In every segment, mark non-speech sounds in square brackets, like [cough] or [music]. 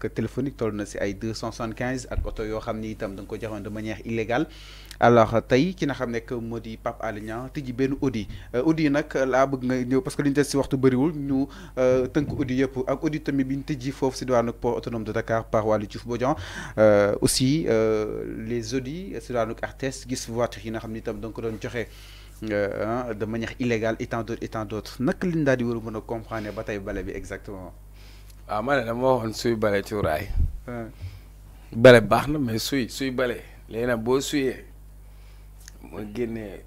que téléphonique toll na si ay 275 ak auto yo xamni itam dang ko joxone de manière illégale alors tay ki nga xam nekk moo di Pape Alé Niang tijji benn audit euh, audit yi bëgg nga ñëw parce que liñu test ci si waxtu bëriwul ñu teunk audi yëpp ak audi tamit biñu ñu fofu ci douane port autonome de Dakar par Waly Diouf Bodian euh, aussi euh, les audi ci douane Artès gis voiture yi nga xamni ni itam da ko don joxé hein, de manière illégale et tant d'autres et tant d'autres nak liñ daal di wëru mëna comprendre ba tey bi exactement waaw ah, na ne dama waxoon suy bale cuuraay ah. bale balé baxna mais suy suy balé. Léna bo boo mo génné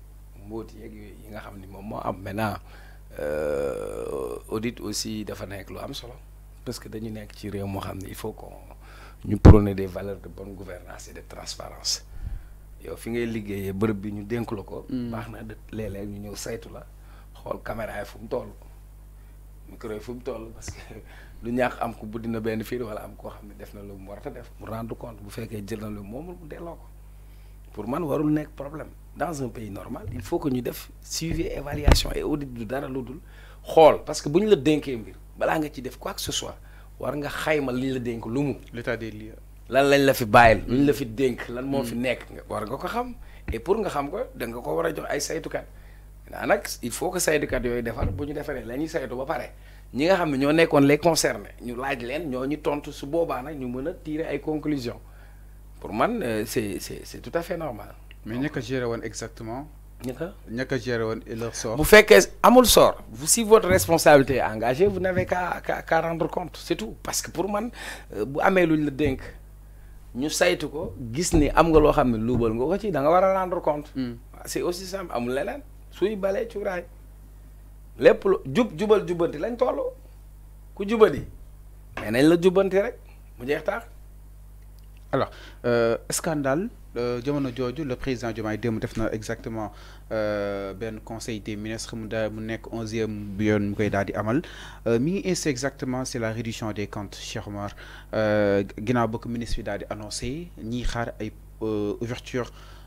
mbot mbóot yeeg yooyu yi nga xamni mom mo moo am maintenant euh, audit aussi dafa nek lu am solo parce que dañu nek ci réew mo xamni il faut qu'on ñu prôner des valeurs de bonne gouvernance et de transparence yow fi ngay liggéeyé bërb bi ñu dénk la ko hmm. baxna na de léeg ñu ñëw saytu la xol caméra yi fu mu toll micro yi fu mu toll parce que lu ñaax am ko benn wala am koo xam ne rendre compte bu jël na lu pour problème dans un pays normal il faut que nous def suivi évaluation et audit du dara parce que si la mbir quoi que ce soit war nga xayma li la dénk l'état des lieux. lan lañ la fi bàyyil la et pour nga xam ko da nga ko daa il faut que saytukat yooyu defar bu ñu defaree la saytu ba paré ñi nga xam ne ñoo nekkoon les concernés ñu laaj leen ñoo ñu tontu su boba nak ñu mëna a tirer ay conclusions pour man euh, c'est c'est c'est tout à fait normal. mais ñaka géré woon exactement. ñaka ñaka géré woon et leur sort. bu fekkee amul sort vous si votre responsabilité est engagée vous n'avez qu'à qu'à rendre compte c'est tout parce que pour man euh, bu amé luñ la denk ñu saytu ko gis ni am nga lo xam ne luubal nga ko ci da nga wara rendre compte. Hmm. c'est aussi simple amul leneen suy balé cuuraay lépp lu jub jubal jubbanti lañ toll ku jubadi mais nañ la jubbanti rek mu jeex tax alors euh, scandale euh, jamono jooju le président Diomaye dem def na exactement ben conseil des ministres mu da mu nek 11e yoon mu koy daldi amal euh, mi ngi exactement c'est la réduction des comptes Cheikh Omar ginnaaw ba ko ministre bi daal di xaar ay ouverture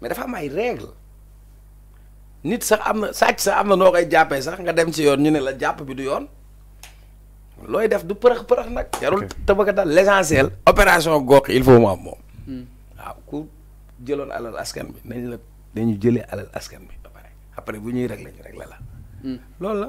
mais dafa am ay règle nit sax am na sàcc sax am na noo koy jàppee sax nga dem si yoon ñu ne la jàpp bi du yoon looy def du përëx përëx nag. jarul tëbëka dal l' essentiel. opération gox il faut mu am moom. Hmm. waaw ku jëloon alal askan bi nañ la dañu jëlee alal askan bi ba pare après bu ñuy réglé ñu réglé la. Hmm. loolu la.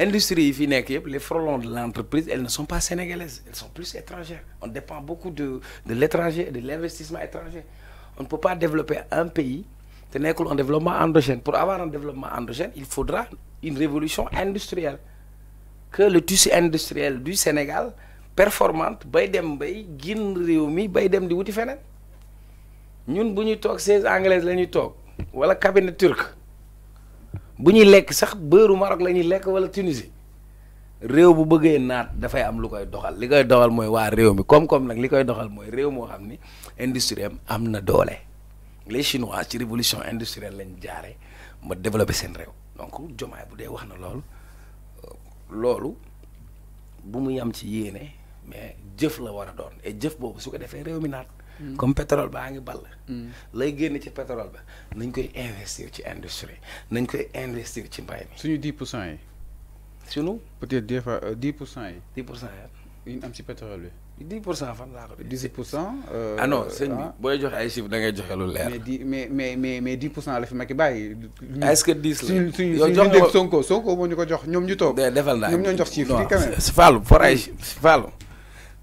L'industrie, les frelons de l'entreprise elles ne sont pas sénégalaises elles sont plus étrangères on dépend beaucoup de l'étranger de l'investissement étranger on ne peut pas développer un pays tenir développement endogène pour avoir un développement endogène il faudra une révolution industrielle que le tissu industriel du Sénégal performante bay bay gin réew bay dem di wuti ñun t'ok, wala cabinet turc bu ñuy lekk sax beurre Maroc la ñuy lekk wala Tunisie réew bu bëggee naat dafay am lu koy doxal li koy doxal mooy waa réew mi koom-koom nag li koy doxal mooy réew moo xam ni industrie am am na doole les chinois ci révolution industrielle lañ jaare ma développé seen réew donc jomaay bu dee wax na loolu loolu bu mu yam ci yéene mais jëf la war a doon et jëf boobu su ko defee réew mi naat comme pétrole baa ngi ball mm. lay génne ci pétrole ba nañ koy investir ci industrie nañ koy investir ci mbay mi suñu dix pour cent yi suñu euh, dix pour cent yi dix pour yi am si pétrole bi dix pour cent fan laa ko def. dix pour cent. Euh, ah non sëñ bi ah. booy joxe ay chiffres da ngay joxe lu leer. mais di mais mais mais mais dix pour cent la fi i bàyyi. est-ce que dix la suñu suñu suñu dégg Sonko Sonko moo ñu ko jox ñoom ñu toog. defal naa ñoom ñoo jox chiffres yi quand même. Fallou forage Fallou.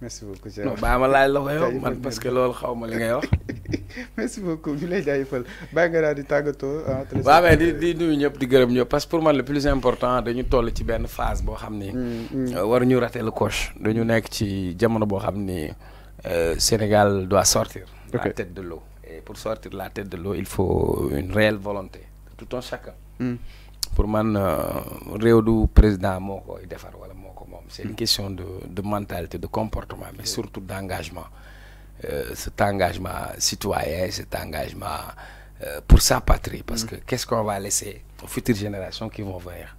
merci beaucoup Cheikh non bàyyi ma laaj la ko man parce que loolu xawma li ngay wax. [laughs] merci beaucoup ñu lay jaajëfal bàyyi nga daal di tagato ah, waaw mais di di nuyu ñep di gërëm ñëpp parce pour man le plus important dañu toll ci ben phase bo xam mm, mm. euh, war ñu rater le coche dañu nekk ci jamono bo xam euh, Sénégal doit sortir. la tête de l'eau et pour sortir la tête de l'eau il faut une réelle volonté de tout un chacun. Mm. pour man euh, réew du président moko defar. C'est une question de, mentalité, de comportement, mais surtout d'engagement. Euh, cet engagement citoyen, cet engagement euh, pour sa patrie. Parce que mm. qu'est-ce qu'on va laisser aux futures générations qui vont venir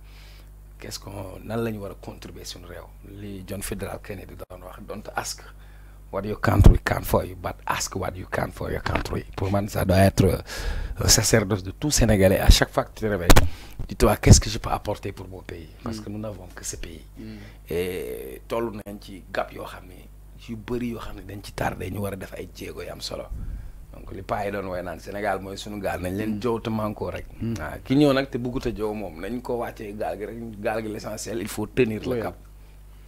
Qu'est-ce qu'on va contribuer sur le Les John Federal Kennedy, dont ask. what your country can for you but ask what you can for your country pour man ça doit être euh, un de tout Sénégalais à chaque fact que tu te réveilles dis-toi qu'est-ce que je apporter pour mon pays parce que nous n'avons que ce pays mm. et toll nañ ci gap yoo xam ne yu bëri yoo xam ne dañ ci taar day ñu war a def ay jéego yu am solo donc li paa yi doon way naan Sénégal mooy suñu gaal nañ leen mm. jow te mànkoo rek mm. waaw ki ñëw nag te bëggut a jow moom nañ ko wàccee gaal gi rek gaal gi l'essentiel faut tenir le cap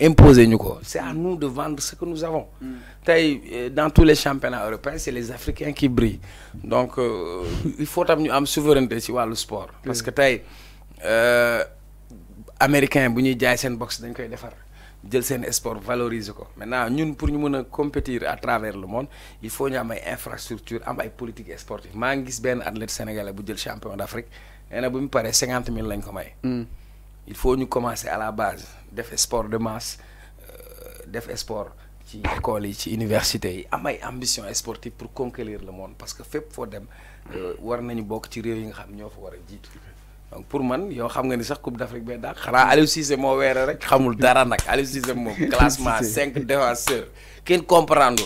imposer nous c'est à nous de vendre ce que nous avons mm. euh, dans tous les championnats européens c'est les Africains qui brillent donc euh, il faut avoir une souveraineté sur le sport mm. parce que les euh, Américains bu ñuy jaay seen boxe dañ koy defar sport maintenant pour nous compétir à travers le monde il faut avoir une infrastructure am politique sportive mangis suis un athlète sénégalais bu jël champion d'Afrique nee na bu 50 000 cinquante lañ mm il faut nous commencer à la base des sport de masse euh, def sport ci école ci université yi am ay ambition sportive pour conquérir le monde parce que fep fo dem euh, war nañu bok ci réew yi nga xam ñoo fa war a donc pour man yo xam nga ni sax Coupe d'Afrique be y c'est Aliou Cissé moo weere rek xamul dara nak Aliou Cissé classement [laughs] cinq défenseurs ken comprendre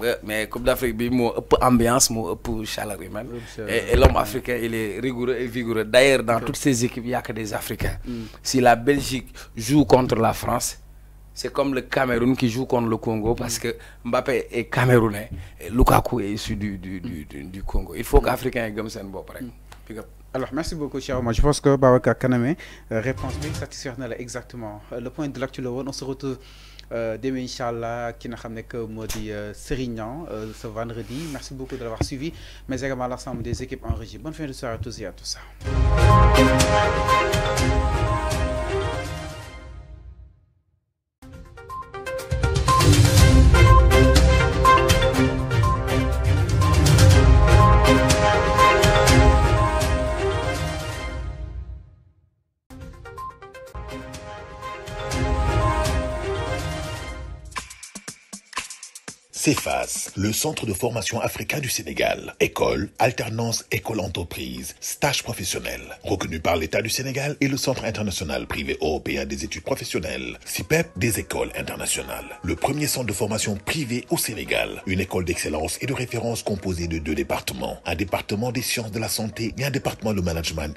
mais mais Coupe d'Afrique bi mo ëpp ambiance pour ëpp chaleur et, l'homme africain il est rigoureux et vigoureux d'ailleurs dans toutes ces équipes il y a que des Africains. Mm. si la Belgique joue contre la France. c'est comme le Cameroun qui joue contre le Congo mm. parce que Mbappé est camerounais et Lukaku est issu du du du du Congo il faut qu'africain africain comme ça alors merci beaucoup Cheikh moi je pense que Babacar Kaname euh, réponse bien satisfaire exactement euh, le point de l'actuel on se retrouve euh, demain inchallah qui n'a de que moo euh, euh, ce vendredi merci beaucoup de l'avoir suivi mais également l'ensemble des équipes en régie bonne fin de soirée à tous et à tous CEFAS, le centre de formation africain du Sénégal. École, alternance, école-entreprise, stage professionnel. Reconnu par l'État du Sénégal et le Centre international privé européen des études professionnelles, CIPEP e des écoles internationales. Le premier centre de formation privé au Sénégal. Une école d'excellence et de référence composée de deux départements. Un département des sciences de la santé et un département de management